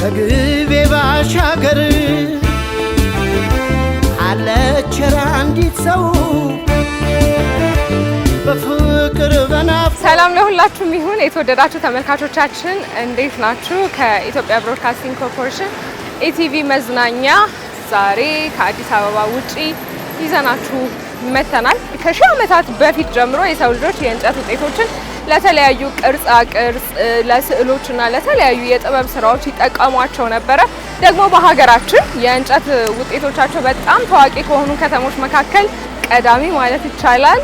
ከግቤ ባሻገር አለችራ አንዲት ሰው በፍቅር በናፍ ሰላም ለሁላችሁም ይሁን። የተወደዳችሁ ተመልካቾቻችን እንዴት ናችሁ? ከኢትዮጵያ ብሮድካስቲንግ ኮርፖሬሽን ኢቲቪ መዝናኛ ዛሬ ከአዲስ አበባ ውጪ ይዘናችሁ መተናል። ከሺህ ዓመታት በፊት ጀምሮ የሰው ልጆች የእንጨት ውጤቶችን ለተለያዩ ቅርጻ ቅርጽ፣ ለስዕሎችና ለተለያዩ የጥበብ ስራዎች ይጠቀሟቸው ነበረ። ደግሞ በሀገራችን የእንጨት ውጤቶቻቸው በጣም ታዋቂ ከሆኑ ከተሞች መካከል ቀዳሚ ማለት ይቻላል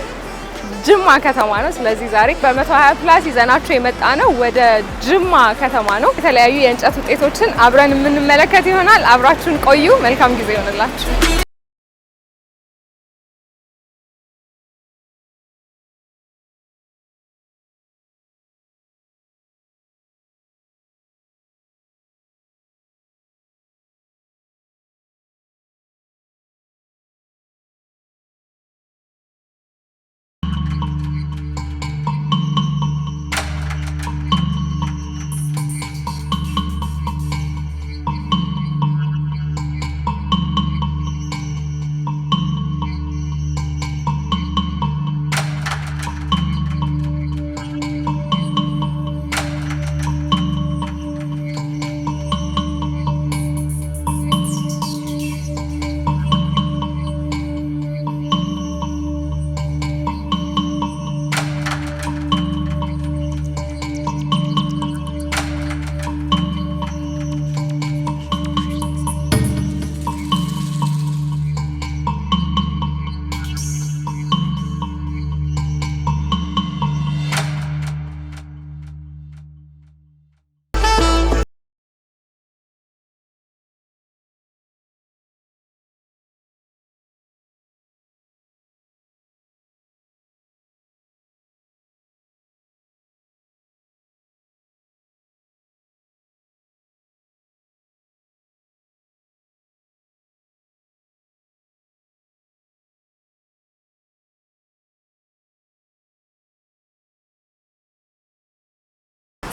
ጅማ ከተማ ነው። ስለዚህ ዛሬ በ120 ፕላስ ይዘናቸው የመጣ ነው ወደ ጅማ ከተማ ነው። የተለያዩ የእንጨት ውጤቶችን አብረን የምንመለከት ይሆናል። አብራችሁን ቆዩ። መልካም ጊዜ ይሆንላችሁ።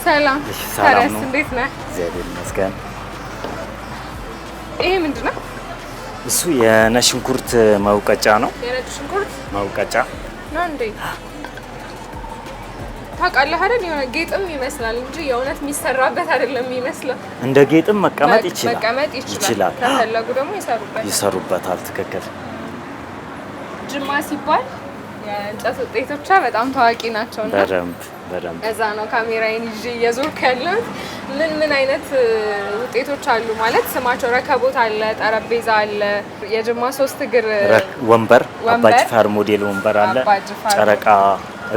ሰላም ሰላም፣ እንዴት ነህ? እግዚአብሔር ይመስገን። ይሄ ምንድን ነው? እሱ የነጭ ሽንኩርት መውቀጫ ነው። የነጭ ሽንኩርት መውቀጫ ነው እንዴ? ታውቃለህ አይደል? የሆነ ጌጥም ይመስላል እንጂ የእውነት የሚሰራበት አይደለም የሚመስለው። እንደ ጌጥም መቀመጥ ይችላል መቀመጥ ይችላል። ከፈለጉ ደግሞ ይሰሩበታል ይሰሩበታል። ትክክል። ጅማ ሲባል የእንጨት ውጤቶቿ በጣም ታዋቂ ናቸው በደንብ እዛ ነው ካሜራዬን ይዤ እየዞርኩ ያለሁት። ምን ምን አይነት ውጤቶች አሉ ማለት ስማቸው? ረከቦት አለ፣ ጠረጴዛ አለ፣ የጅማ ሶስት እግር ወንበር፣ አባጅፋር ሞዴል ወንበር አለ፣ ጨረቃ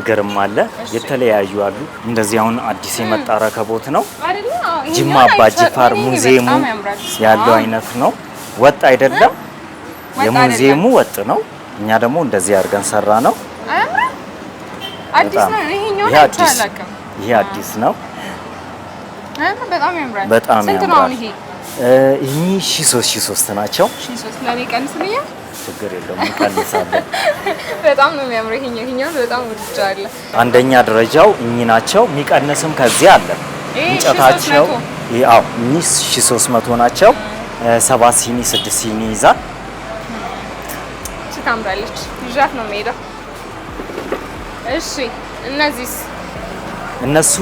እግርም አለ፣ የተለያዩ አሉ። እንደዚህ አሁን አዲስ የመጣ ረከቦት ነው። ጅማ አባጅፋር ሙዚየሙ ያለው አይነት ነው። ወጥ አይደለም፣ የሙዚየሙ ወጥ ነው። እኛ ደግሞ እንደዚህ አድርገን ሰራ ነው። ይሄ አዲስ ነው። በጣም ያምራል። ይሄ ሺህ ሦስት ሺህ ናቸው። ችግር የለውም እንቀንሳለን። በጣም ነው የሚያምረው። ይሄኛው በጣም ወድጃለሁ። አንደኛ ደረጃው እኚህ ናቸው። የሚቀንስም ከዚህ አለ እንጨታቸው። አዎ እኚህ ሺህ ሦስት መቶ ናቸው። ሰባት ሲኒ ስድስት ሲኒ ይዛል። ታምራለች። ይዣት ነው የምሄደው እሺ እነዚህስ? እነሱ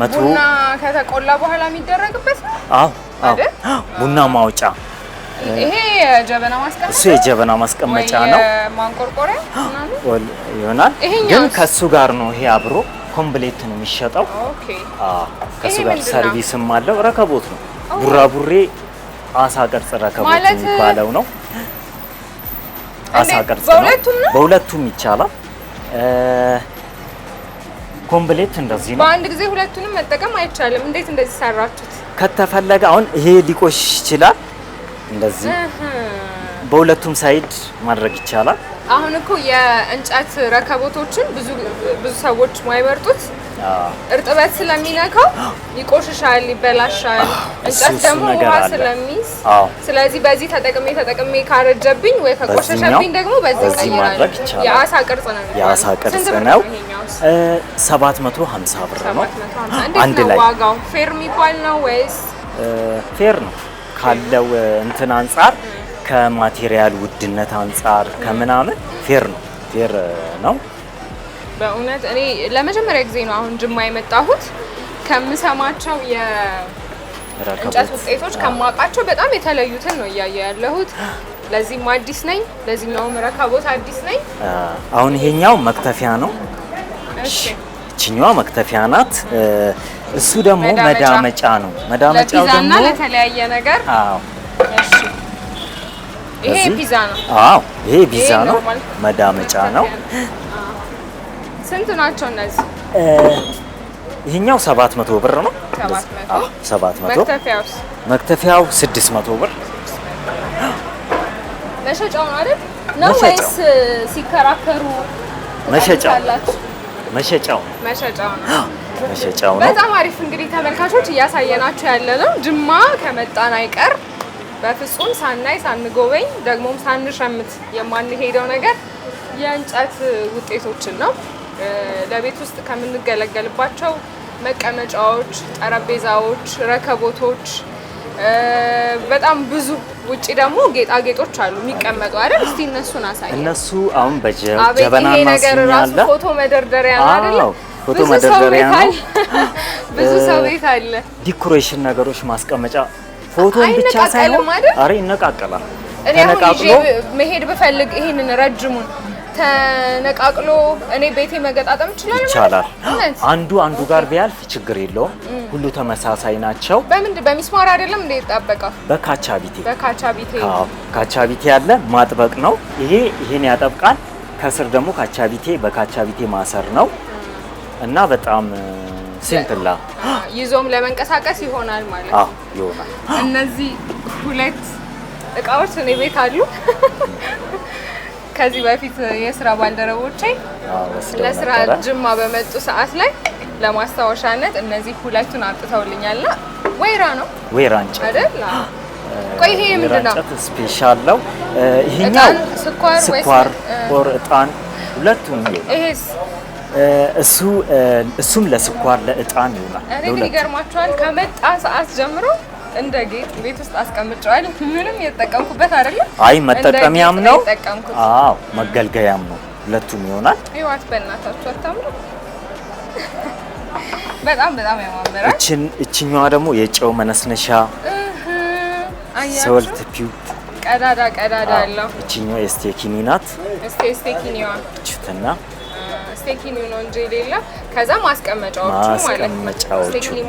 መቶ ቡና ከተቆላ በኋላ የሚደረግበት ነው። አዎ ቡና ማውጫ ይሄ የጀበና ማስቀመጫ እሱ የጀበና ማስቀመጫ ነው። ማንቆርቆሪያ ይሆናል። ግን ከሱ ጋር ነው ይሄ አብሮ ኮምፕሌት ነው የሚሸጠው። ኦኬ አዎ፣ ከሱ ጋር ሰርቪስም አለው። ረከቦት ነው። ቡራቡሬ አሳ ቅርጽ ረከቦት የሚባለው ነው። አሳ ቅርጽ ነው። በሁለቱም ይቻላል። ኮምብሌት እንደዚህ ነው። በአንድ ጊዜ ሁለቱንም መጠቀም አይቻልም። እንዴት እንደዚህ ሰራችሁት? ከተፈለገ አሁን ይሄ ሊቆሽ ይችላል። እንደዚህ በሁለቱም ሳይድ ማድረግ ይቻላል። አሁን እኮ የእንጨት ረከቦቶችን ብዙ ብዙ ሰዎች ማይበርጡት እርጥበት ስለሚነካው ይቆሽሻል፣ ይበላሻል። እንጨት ደግሞ ውሃ ስለሚይዝ ስለዚህ በዚህ ተጠቅሜ ተጠቅሜ ካረጀብኝ ወይ ከቆሸሸብኝ ደግሞ በዚህ ቀይራለሁ። የአሳ ቅርጽ ነው፣ የአሳ ቅርጽ ነው። 750 ብር ነው አንድ ላይ ዋጋው። ፌር የሚባል ነው ወይስ ፌር ነው ካለው እንትን አንጻር ከማቴሪያል ውድነት አንጻር ከምናምን ፌር ነው፣ ፌር ነው። በእውነት እኔ ለመጀመሪያ ጊዜ ነው አሁን ጅማ የመጣሁት። ከምሰማቸው የእንጨት ውጤቶች ከማውቃቸው በጣም የተለዩትን ነው እያየ ያለሁት። ለዚህም አዲስ ነኝ፣ ለዚህኛውም ረካቦት አዲስ ነኝ። አሁን ይሄኛው መክተፊያ ነው፣ እችኛዋ መክተፊያ ናት። እሱ ደግሞ መዳመጫ ነው። መዳመጫው ደግሞ ለተለያየ ነገር። አዎ ይሄ ፒዛ ነው። አዎ ይሄ ፒዛ ነው፣ መዳመጫ ነው። ስንት ናቸው እነዚህ? ይሄኛው 700 ብር ነው። 700 መክተፊያው 600 ብር መሸጫው ነው አይደል? ነው ወይስ ሲከራከሩ? መሸጫው መሸጫው መሸጫው ነው። በጣም አሪፍ እንግዲህ ተመልካቾች እያሳየናችሁ ያለ ነው። ጅማ ከመጣን አይቀር በፍጹም ሳናይ ሳንጎበኝ ደግሞም ሳንሸምት የማንሄደው ነገር የእንጨት ውጤቶችን ነው። ለቤት ውስጥ ከምንገለገልባቸው መቀመጫዎች፣ ጠረጴዛዎች፣ ረከቦቶች በጣም ብዙ ውጭ ደግሞ ጌጣጌጦች አሉ የሚቀመጡ አይደል? እስቲ እነሱን አሳይ። እነሱ አሁን በጀበና ነገር ፎቶ መደርደሪያ አይደል? ፎቶ መደርደሪያ ነው። ብዙ ሰው ቤት አለ። ዲኮሬሽን ነገሮች ማስቀመጫ ፎቶን ብቻ ሳይሆን አረ ይነቃቀላል። እኔ አሁን መሄድ ብፈልግ ይሄንን ረጅሙን ተነቃቅሎ እኔ ቤቴ መገጣጠም ይችላል ይቻላል። አንዱ አንዱ ጋር ቢያልፍ ችግር የለውም። ሁሉ ተመሳሳይ ናቸው። በምንድ በሚስማር አይደለም እንደ ይጣበቃል። በካቻ ቢቴ በካቻ ቢቴ ካቻ ቢቴ ያለ ማጥበቅ ነው። ይሄ ይሄን ያጠብቃል። ከስር ደግሞ ካቻ ቢቴ በካቻ ቢቴ ማሰር ነው እና በጣም ሲምፕላ ይዞም ለመንቀሳቀስ ይሆናል ማለት ነው። ይሆናል እነዚህ ሁለት እቃዎች እኔ ቤት አሉ። ከዚህ በፊት የስራ ባልደረቦቼ ለስራ ጅማ በመጡ ሰዓት ላይ ለማስታወሻነት እነዚህ ሁለቱን አምጥተውልኛልና ወይራ ነው ወይራ እንጨት አይደል? ቆይ ይሄ ምንድን ነው? ስፔሻል ነው ይሄኛው። ስኳር ኦር እጣን ሁለቱም ይሄስ እሱ እሱም ለስኳር ለእጣን ይሆናል። እኔ ይገርማችኋል ከመጣ ሰዓት ጀምሮ እንደ ጌጥ ቤት ውስጥ አስቀምጨዋል። ምንም የተጠቀምኩበት አይደለም። አይ መጠቀሚያም ነው። አዎ መገልገያም ነው። ሁለቱም ይሆናል። ይዋት በእናታችሁ አታምሩ። በጣም በጣም ያማምራል። እቺን እቺኛዋ ደግሞ የጨው መነስነሻ ሶልት ፒውት ቀዳዳ ቀዳዳ ያለው እቺኛዋ የስቴኪኒ ናት። ስቴኪኒዋ እቺትና ስቴኪኒ ነው እንጂ የሌለ። ከዛ ማስቀመጫዎቹ ማለት ነው።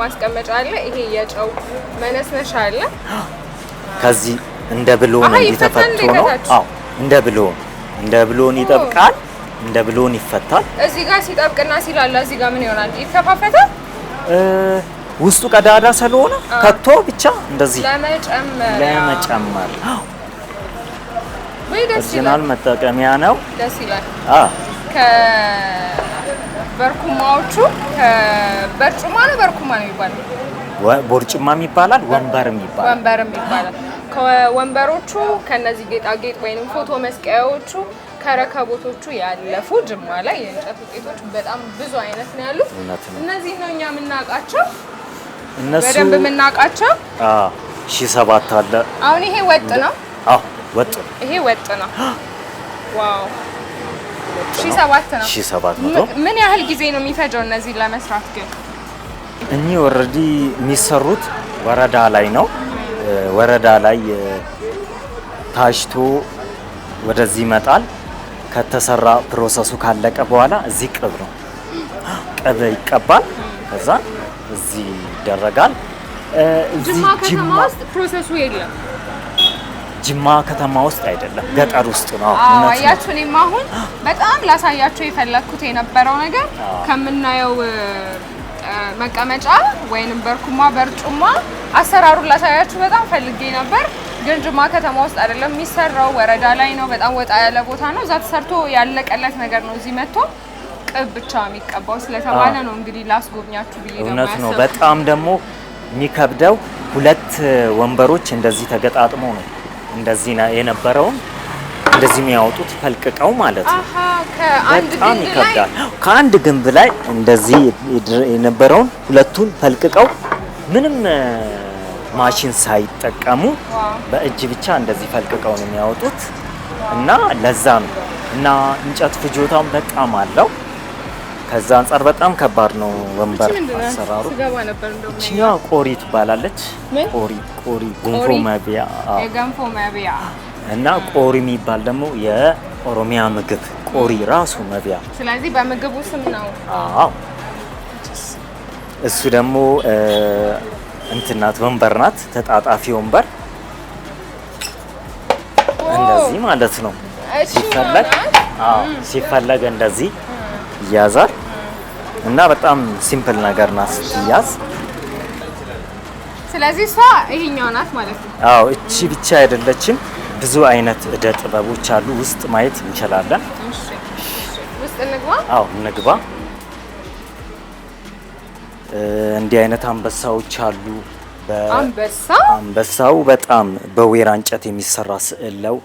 ማስቀመጫ አለ። ይሄ የጨው መነስነሻ አለ። ከዚህ እንደ ብሎን እንዲተፈቶ ነው። አዎ እንደ ብሎን እንደ ብሎን ይጠብቃል። እንደ ብሎን ይፈታል። እዚህ ጋር ሲጠብቅና ሲላላ እዚህ ጋር ምን ይሆናል? ይከፋፈታል። ውስጡ ቀዳዳ ስለሆነ ከቶ ብቻ እንደዚህ ለመጨመር ለመጨመር መጠቀሚያ ነው። ደስ ይላል። ከበርኩማዎቹ በርጩማ ነው በርኩማ ነው የሚባለው ቦርጭማም ይባላል፣ ወንበርም ይባላል ወንበርም ይባላል። ከወንበሮቹ ከነዚህ ጌጣጌጥ ወይንም ፎቶ መስቀያዎቹ ከረከቦቶቹ ያለፉ ጅማ ላይ የእንጨት ውጤቶች በጣም ብዙ አይነት ነው ያሉት። እነዚህ ነው እኛ የምናውቃቸው እነሱ በደንብ የምናውቃቸው። ሺህ ሰባት አለ። አሁን ይሄ ወጥ ነው። አዎ ወጥ፣ ይሄ ወጥ ነው። ዋው ሺህ ሰባት መቶ ምን ያህል ጊዜ ነው የሚፈጀው እነዚህን ለመስራት? ግን እኚህ ኦልሬዲ የሚሰሩት ወረዳ ላይ ነው። ወረዳ ላይ ታሽቶ ወደዚህ ይመጣል። ከተሰራ ፕሮሰሱ ካለቀ በኋላ እዚህ ቅብ ነው ቅብ ይቀባል። ከዛ እዚህ ይደረጋል። ጅማ ከተማ ውስጥ ፕሮሰሱ የለም ጅማ ከተማ ውስጥ አይደለም፣ ገጠር ውስጥ ነው። አያችሁ፣ እኔም አሁን በጣም ላሳያችሁ የፈለግኩት የነበረው ነገር ከምናየው መቀመጫ ወይንም በርኩማ በርጩማ አሰራሩን ላሳያችሁ በጣም ፈልጌ ነበር፣ ግን ጅማ ከተማ ውስጥ አይደለም የሚሰራው፣ ወረዳ ላይ ነው። በጣም ወጣ ያለ ቦታ ነው። እዛ ተሰርቶ ያለቀለት ነገር ነው። እዚህ መጥቶ ቅብ ብቻ የሚቀባው ስለተባለ ነው እንግዲህ ላስጎብኛችሁ ብዬ እውነት ነው። በጣም ደግሞ የሚከብደው ሁለት ወንበሮች እንደዚህ ተገጣጥመው ነው እንደዚህ የነበረውን እንደዚህ የሚያወጡት ፈልቅቀው ማለት ነው። በጣም ይከብዳል። ከአንድ ግንብ ላይ እንደዚህ የነበረውን ሁለቱን ፈልቅቀው ምንም ማሽን ሳይጠቀሙ በእጅ ብቻ እንደዚህ ፈልቅቀው ነው የሚያወጡት እና ለዛ ነው እና እንጨት ፍጆታውን በጣም አለው። ከዛ አንጻር በጣም ከባድ ነው ወንበር አሰራሩ። እችኛዋ ቆሪ ትባላለች። ቆሪ ቆሪ ጉንፎ መብያ እና ቆሪ የሚባል ደግሞ የኦሮሚያ ምግብ ቆሪ ራሱ መብያ። ስለዚህ በምግቡ ስም ነው። አዎ እሱ ደግሞ እንትናት ወንበር ናት፣ ተጣጣፊ ወንበር እንደዚህ ማለት ነው ሲፈለግ ሲፈለግ እንደዚህ ይያዛል እና በጣም ሲምፕል ነገር ናት ስትያዝ። ስለዚህ እሷ ይሄኛው ናት ማለት ነው። አዎ እቺ ብቻ አይደለችም። ብዙ አይነት እደ ጥበቦች አሉ። ውስጥ ማየት እንችላለን። ውስጥ እንግባ። አዎ እንግባ። እንዲህ አይነት አንበሳዎች አሉ። አንበሳው በጣም በዌራ እንጨት የሚሰራ ስዕል ነው።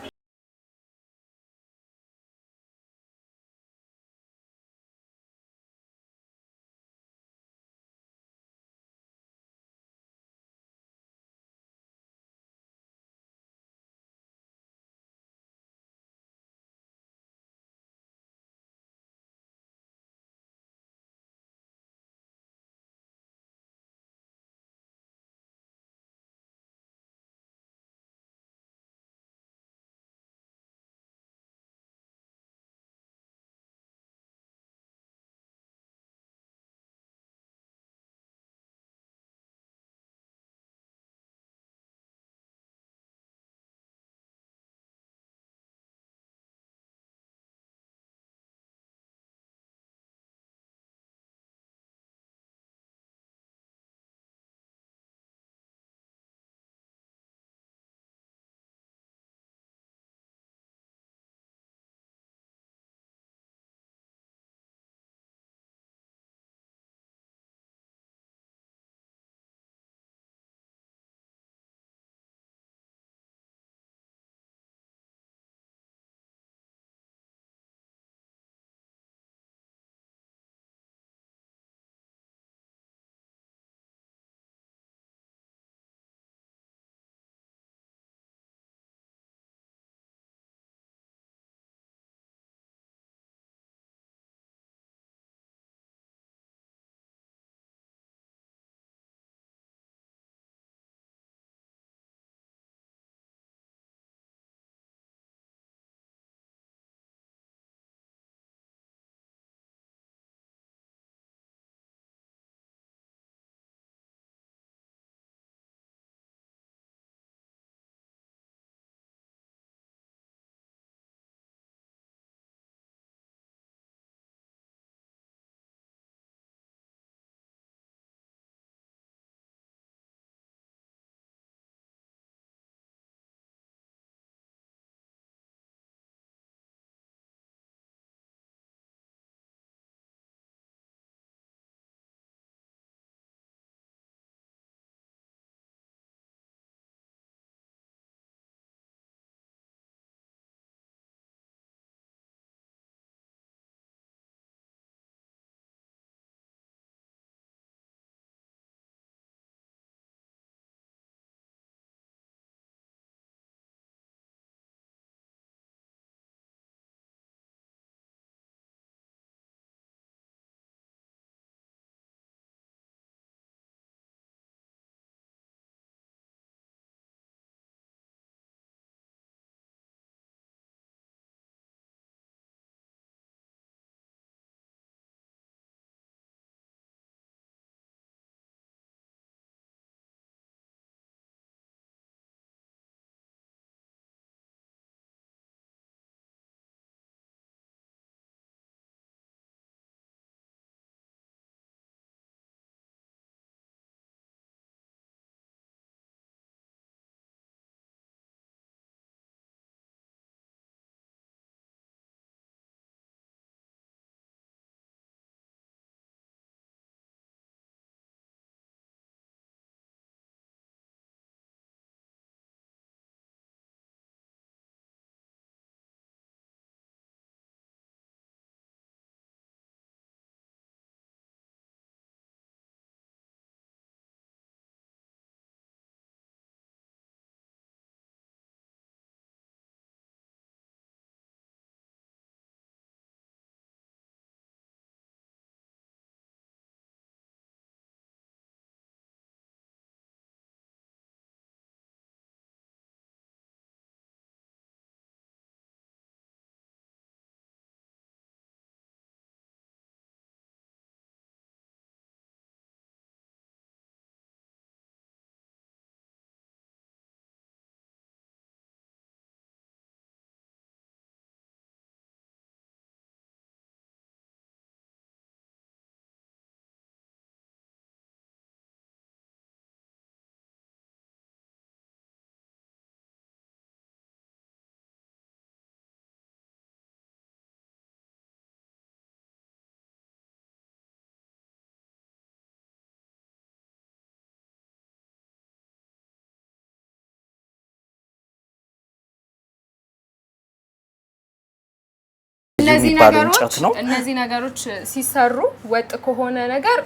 እነዚህ ነገሮች ነው። እነዚህ ነገሮች ሲሰሩ ወጥ ከሆነ ነገር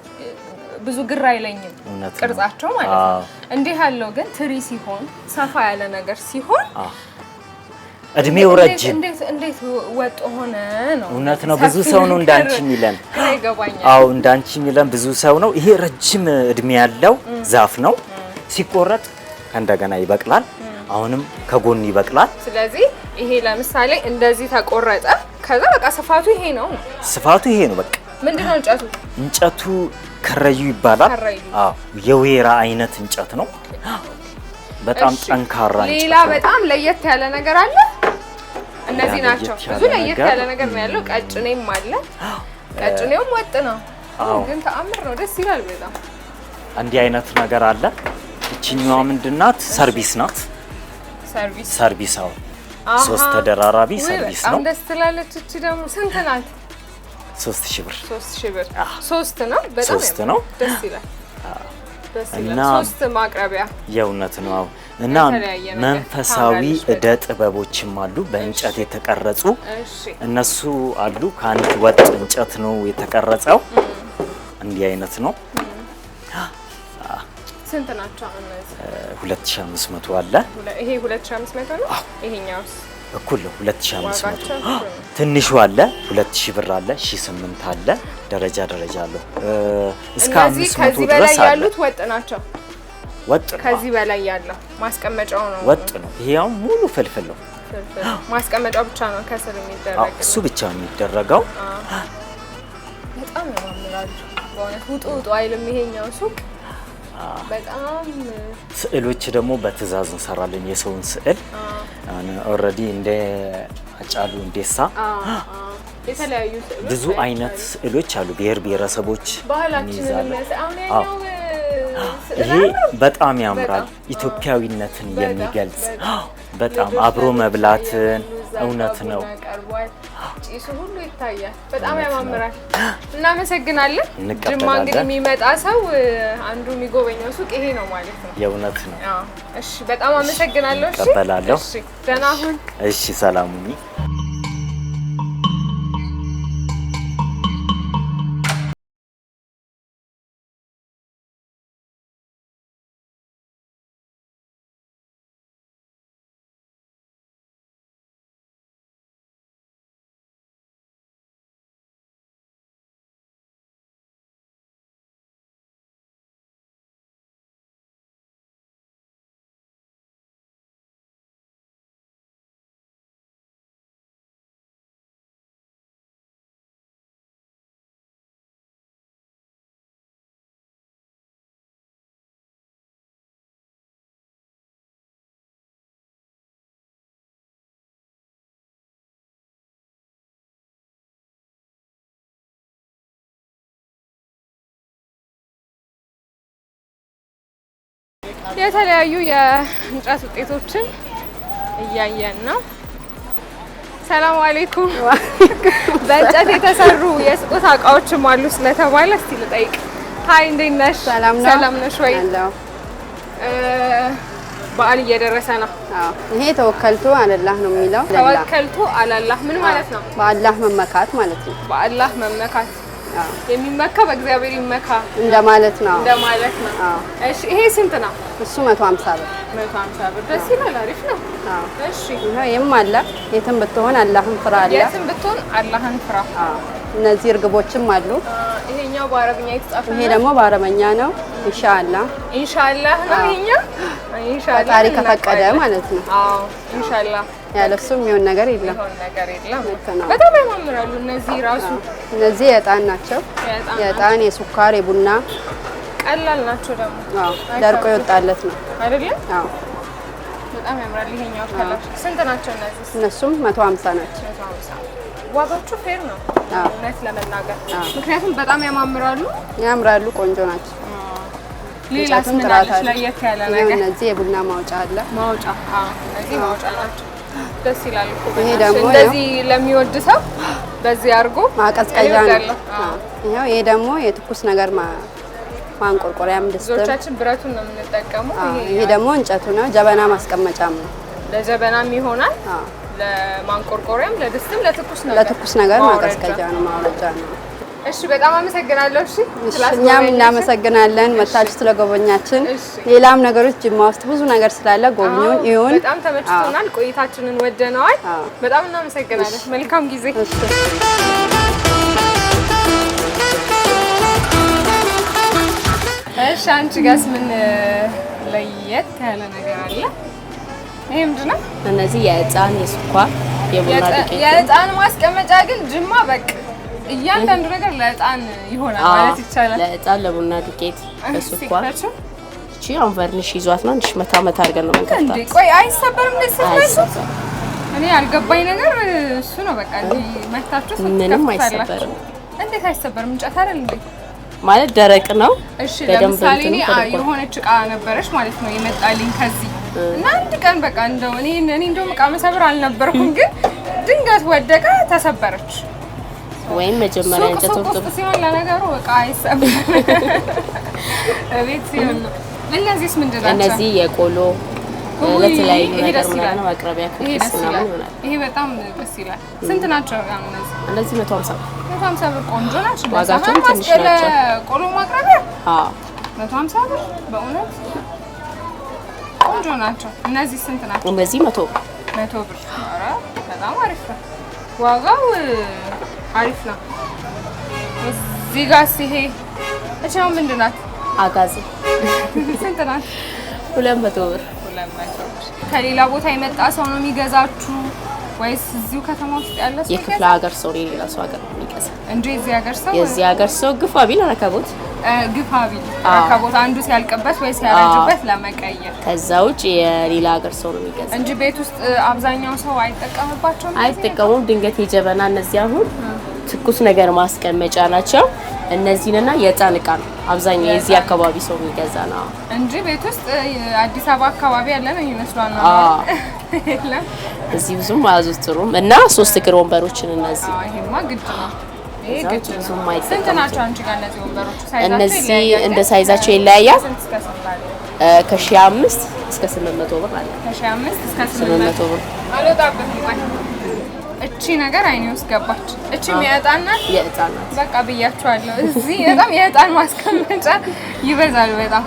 ብዙ ግር አይለኝም፣ ቅርጻቸው ማለት ነው። እንዲህ ያለው ግን ትሪ ሲሆን ሰፋ ያለ ነገር ሲሆን እድሜው ረጅም እንዴት ወጥ ሆነ ነው። እውነት ነው። ብዙ ሰው ነው እንዳንቺ የሚለን። አዎ እንዳንቺ የሚለን ብዙ ሰው ነው። ይሄ ረጅም እድሜ ያለው ዛፍ ነው። ሲቆረጥ ከእንደገና ይበቅላል። አሁንም ከጎን ይበቅላል። ስለዚህ ይሄ ለምሳሌ እንደዚህ ተቆረጠ። ከዛ በቃ ስፋቱ ይሄ ነው፣ ስፋቱ ይሄ ነው። በቃ ምንድን ነው እንጨቱ? እንጨቱ ከረዩ ይባላል። አዎ የወይራ አይነት እንጨት ነው። በጣም ጠንካራ እንጨት። ሌላ በጣም ለየት ያለ ነገር አለ። እነዚህ ናቸው። ብዙ ለየት ያለ ነገር ነው ያለው። ቀጭኔም አለ። ቀጭኔውም ወጥ ነው፣ ግን ተአምር ነው። ደስ ይላል በጣም። እንዲህ አይነት ነገር አለ። ይችኛዋ ምንድናት? ሰርቪስ ናት። ሰርቪስ ሶስት ተደራራቢ ሰርቪስ ነው። ደስ ትላለች። እቺ ደግሞ ስንት ናት? ሶስት ሺህ ብር ሶስት ነው። ሶስት ነው። ደስ ይላል እና ሶስት ማቅረቢያ የእውነት ነው። እና መንፈሳዊ እደ ጥበቦችም አሉ በእንጨት የተቀረጹ እነሱ አሉ። ከአንድ ወጥ እንጨት ነው የተቀረጸው። እንዲህ አይነት ነው። ስንት ናቸው? ሁለት ሺህ አምስት መቶ አለ። ይሄ ሁለት ሺህ አምስት መቶ ነው። ይሄኛውስ እኩል ሁለት አምስት መቶ ትንሹ አለ። ሁለት ብር አለ። ስምንት አለ። ደረጃ ደረጃ አለው። እስከ አምስት መቶ ድረስ አለ። ያሉት ወጥ ናቸው። ወጥ ከዚህ በላይ ያለው ማስቀመጫው ነው። ወጥ ነው። ይሄ ሙሉ ፍልፍል ነው። ማስቀመጫው ብቻ ነው ከስር የሚደረገው። እሱ ብቻ ነው የሚደረገው። በጣም ያማምራል። በእውነት ውጡ ውጡ አይልም ይሄኛው ሱቅ በጣም ስዕሎች ደግሞ በትዕዛዝ እንሰራለን። የሰውን ስዕል ኦልሬዲ እንደ አጫሉ እንዴሳ ብዙ አይነት ስዕሎች አሉ። ብሔር ብሔረሰቦች ይሄ በጣም ያምራል። ኢትዮጵያዊነትን የሚገልጽ በጣም አብሮ መብላትን እውነት ነው። ጭሱ ሁሉ ይታያል። በጣም ያማምራል። እናመሰግናለን። ድማ እንግዲህ የሚመጣ ሰው አንዱ የሚጎበኘው ሱቅ ይሄ ነው ማለት ነው። የእውነት ነው። እሺ፣ በጣም አመሰግናለሁ። እሺ፣ ቀበላለሁ። ደህና ሁን። እሺ፣ ሰላሙኒ የተለያዩ የእንጨት ውጤቶችን እያየን ነው። ሰላም አሌይኩም። በእንጨት የተሰሩ የስጦታ እቃዎችም አሉ ስለተባለ እስቲ ልጠይቅ። ሀይ እንዴት ነሽ? ሰላም ነሽ ወይ? በዓል እየደረሰ ነው። ይሄ ተወከልቱ አለላህ ነው የሚለው። ተወከልቱ አላላህ ምን ማለት ነው? በአላህ መመካት ማለት ነው። በአላህ መመካት የሚመካ በእግዚአብሔር ይመካ እንደማለት ነው እንደማለት ነው። እሺ ይሄ ስንት ነው? እሱ 150 ብር 150 ብር። ደስ ይላል። አሪፍ ነው። እሺ ይሄም አለ። የትም ብትሆን አላህን ፍራ አለ። የትም ብትሆን አላህን ፍራ። እነዚህ እርግቦችም አሉ። ይሄኛው በአረብኛ የተጻፈ ነው። ይሄ ደግሞ በአረበኛ ነው። ኢንሻአላህ ኢንሻአላህ ነው። ይሄኛው ኢንሻአላህ ፈጣሪ ከፈቀደ ማለት ነው። አዎ ኢንሻአላህ ያለሱ የሚሆን ነገር የለም። በጣም ያማምራሉ። እነዚህ ራሱ እነዚህ የዕጣን ናቸው። የዕጣን የሱካር፣ የቡና ቀላል ናቸው። ደግሞ ደርቆ የወጣለት ነው አይደለ? አዎ፣ በጣም ያምራል። ይሄኛው ከለር ስንት ናቸው እነዚህ? እነሱም መቶ 150 ናቸው። ዋጋቹ ፌር ነው እውነት ለመናገር ምክንያቱም በጣም ያማምራሉ። ያምራሉ፣ ቆንጆ ናቸው። ሌላስ ምን አለች ለየት ያለ ነገር? እነዚህ የቡና ማውጫ አለ። ማውጫ፣ እነዚህ ማውጫ ናቸው። ደስ ይላል። ይሄ ደግሞ እንደዚህ ለሚወድ ሰው በዚህ አድርጎ ማቀዝቀዣ ነው። ይሄው ይሄ ደግሞ የትኩስ ነገር ማንቆርቆሪያም ድስት ዞቻችን ብረቱን ነው የምንጠቀመው። ይሄ ደግሞ እንጨቱ ነው። ጀበና ማስቀመጫም ነው። ለጀበናም ይሆናል፣ ለማንቆርቆሪያም፣ ለድስትም፣ ለትኩስ ነገር ለትኩስ ነገር ማቀዝቀዣ ነው ማውረጃ ነው። እሺ በጣም አመሰግናለሁ። እሺ እኛም እናመሰግናለን መታችሁ ስለጎበኛችን። ሌላም ነገሮች ጅማ ውስጥ ብዙ ነገር ስላለ ጎብኙን፣ ይሁን በጣም ተመችቶናል። ቆይታችንን ወደነዋል። በጣም እናመሰግናለን። መልካም ጊዜ። እሺ አንቺ ጋስ ምን ለየት ያለ ነገር አለ? ይሄ ምንድን ነው? እነዚህ የህፃን የስኳር የቡና የዕጣን ማስቀመጫ ግን ጅማ በቃ እያንዳንዱ ነገር ለእጣን ይሆናል ማለት ይቻላል። ለዕጣን፣ ለቡና ዱቄት፣ ለስኳር እቺ አሁን ቨርኒሽ ይዟት ነው እንሽ መታ መታ አድርገን ነው መንከፍታት። ቆይ አይሰበርም ለሰበሱ እኔ ያልገባኝ ነገር እሱ ነው። በቃ መታችሁ ምንም አይሰበርም። እንዴት አይሰበርም? እንጨት አይደል እንዴ? ማለት ደረቅ ነው። እሺ ለምሳሌ እኔ የሆነች እቃ ነበረች ማለት ነው የመጣልኝ ከዚህ እና አንድ ቀን በቃ እንደው እኔ እኔ እንደውም እቃ መሰብር አልነበርኩም፣ ግን ድንገት ወደቀ፣ ተሰበረች። ወይም መጀመሪያ እንጨት ወፍጮ ሲሆን ለነገሩ በቃ አይሰማም። እቤት ሲሆን ነው። እነዚህስ ምንድን ናቸው? እነዚህ የቆሎ ለተለያዩ ነገር ምናምን ማቅረቢያ ኩኪስ ምናምን ይሆናል። ይሄ በጣም ደስ ይላል። ስንት ናቸው እነዚህ? እነዚህ መቶ ሀምሳ መቶ ሀምሳ ብር ቆንጆ ናቸው። ዋጋቸውም ትንሽ ናቸው። ቆሎ ማቅረቢያ መቶ ሀምሳ ብር በእውነት ቆንጆ ናቸው። እነዚህ ስንት ናቸው? እነዚህ መቶ መቶ ብር በጣም አሪፍ ነው ዋጋው አሪፍ ነው። እዚህ ጋር ይሄ እቺ አሁን ምንድን ናት? አጋዚ ስንት ናት? ሁለት መቶ ብር። ከሌላ ቦታ የመጣ ሰው ነው የሚገዛችሁ ወይስ እዚሁ ከተማ ውስጥ ያለ ሰው? የክፍለ ሀገር ሰው ነው፣ የሌላ ሰው ሀገር ነው የሚገዛው እንጂ የዚህ ሀገር ሰው የዚህ ሀገር ሰው ግፋ ቢል ረከቦት ግፋ ቢል ረከቦት አንዱ ሲያልቅበት ወይ ሲያረጅበት ለመቀየር። ከዛ ውጭ የሌላ ሀገር ሰው ነው የሚገዛው እንጂ ቤት ውስጥ አብዛኛው ሰው አይጠቀምባቸውም። አይጠቀሙም። ድንገት የጀበና እነዚህ አሁን ትኩስ ነገር ማስቀመጫ ናቸው። እነዚህንና የዕጣን እቃ ነው አብዛኛው የዚህ አካባቢ ሰው የሚገዛ ነው እንጂ ቤት ውስጥ አዲስ አበባ አካባቢ ያለ ነው ይመስላል ነው። እዚህ ብዙም አያዘወትሩም እና ሶስት እግር ወንበሮችን እነዚህ እነዚህ እንደ ሳይዛቸው ይለያያል። ከሺ አምስት እስከ ስምንት መቶ ብር አለ። ስምንት መቶ ብር እቺ ነገር አይኔ ውስጥ ገባች። እቺ የዕጣን ናት፣ የዕጣን ናት። በቃ ብያቸዋለሁ። እዚህ በጣም የዕጣን ማስቀመጫ ይበዛል። በጣም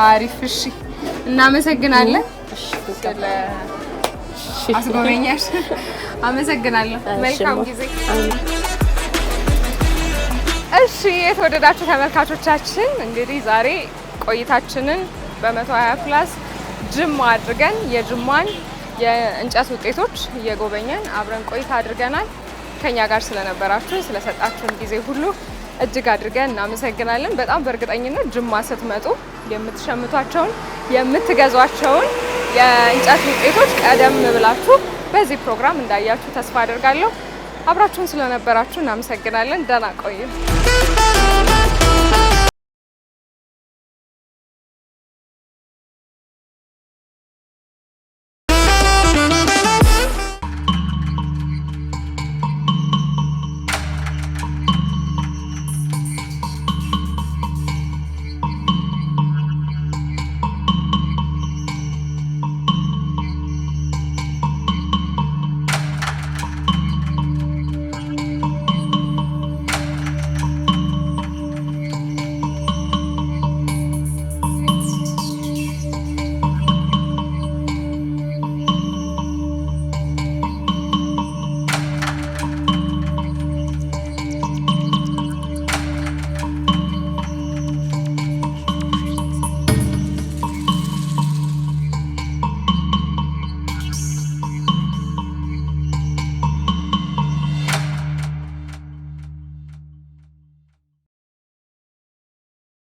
አሪፍ። እሺ፣ እናመሰግናለን። አስጎበኛሽ፣ አመሰግናለሁ። መልካም ጊዜ። እሺ፣ የተወደዳችሁ ተመልካቾቻችን እንግዲህ ዛሬ ቆይታችንን በ120 ፕላስ ጅማ አድርገን የጅማን የእንጨት ውጤቶች እየጎበኘን አብረን ቆይታ አድርገናል። ከኛ ጋር ስለነበራችሁ ስለሰጣችሁን ጊዜ ሁሉ እጅግ አድርገን እናመሰግናለን። በጣም በእርግጠኝነት ጅማ ስትመጡ የምትሸምቷቸውን የምትገዟቸውን የእንጨት ውጤቶች ቀደም ብላችሁ በዚህ ፕሮግራም እንዳያችሁ ተስፋ አድርጋለሁ። አብራችሁን ስለነበራችሁ እናመሰግናለን። ደህና ቆዩ።